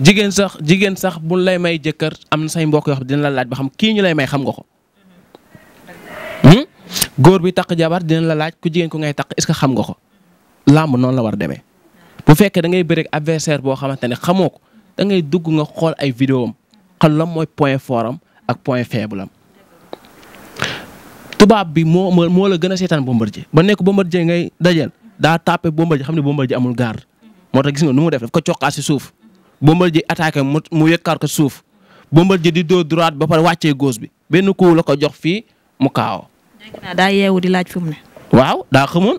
jigéen sax jigéen sax buñ lay may jëkkër am na say mbokk yoo xam dina la laaj ba xam kii ñu lay may xam nga ko. Hmm? góor bi takk jabar dina la laaj ku jigéen ko ngay takk est-ce xam nga ko làmb noonu la war demee bu fekkee da ngay bëreeg adversaire boo xamante ne xamoo ko dangay dugg nga xool ay vidéo am xam lan mooy point fort ak point faible am. tubaab bi moo moo la gën a seetaan ji ba nekk Bombardier ngay dajeel daa tàppe Bombardier xam ne Bombardier amul garde moo tax gis nga nu mu def ko coqaas si suuf. Bombardier attaqué mu mu yëkkaat ko suuf Bombardier di dóor droite ba pare wàccee gauche bi benn coup la ko jox fii mu kaaw. daa yeewu di laaj fi mu ne. waaw daa xamoon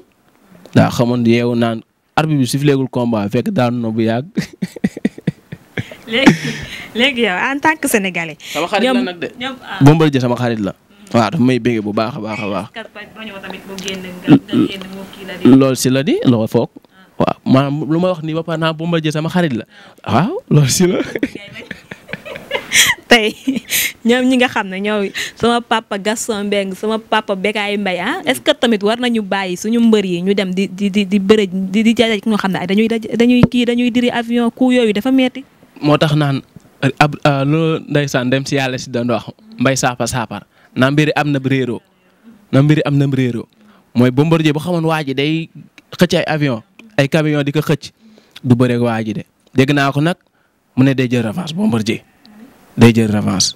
daa xamoon di yeewu naan arbitre bi bu yàgg. léegi léegi yow en tant que sénégalais. sama ah. sama xarit la. waaw dafa bu baax a baax a baax. loolu si la di loolu foog waaw maanaam lu ma wax nii ba pare naa Bombardier sama xarit la waaw loolu la. tey ñoom ñi nga xam ne ñooy sama papa Gaston Mbengue sama papa Bécaye Mbaye ah est-ce que tamit war nañu bàyyi suñu mbër yi ñu dem di di di di bërëj di di jaajëf ñoo xam ne dañuy dañuy kii dañuy diri avion ku yooyu dafa metti moo tax naan ab loolu ah, ndeysaan si yàlla si doon wax mbay saapa saapar na mbiri am na réeroo na mbiri am na réeroo mooy Bombardier bu xamoon waa ji day xëcc avion ay camion di ko xëcc du bëreeg waa ji de dégg naa ko nag mu ne day jël revanche Bombardier day jël revanche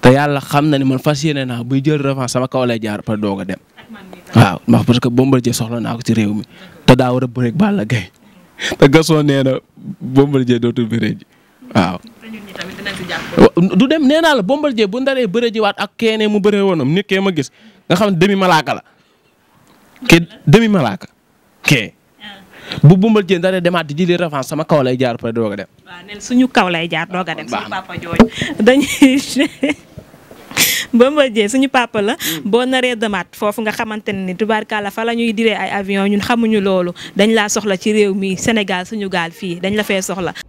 te yàlla xam na ni man fas yéene naa buy jël revanche sama kaw lay jaar par doog a dem waaw ndax parce que Bombardier soxla naa ko ci réew mi te daa war a bëreeg Balla Gaye te gasoo nee na Bombardier dootul bëree waaw. du dem nee naa la Bombardier bu ndaree bëree ji waat ak keenee mu bëree woonam nit kee ma gis nga xam ne demi malaaka la. ke demi bu Bombardier dara demaat di di revanche sama kaw lay jaar pare doog a dem. suñu kaw lay jaar doog a dem. suñu papa jooju dañuy. Bombardier suñu papa la mm. boo naree demaat foofu nga xamante ne ni tubaarkàlla fa la ñuy diree ay avion ñun xamuñu loolu dañ laa soxla ci réew mii Sénégal suñu gaal fii dañ la fee soxla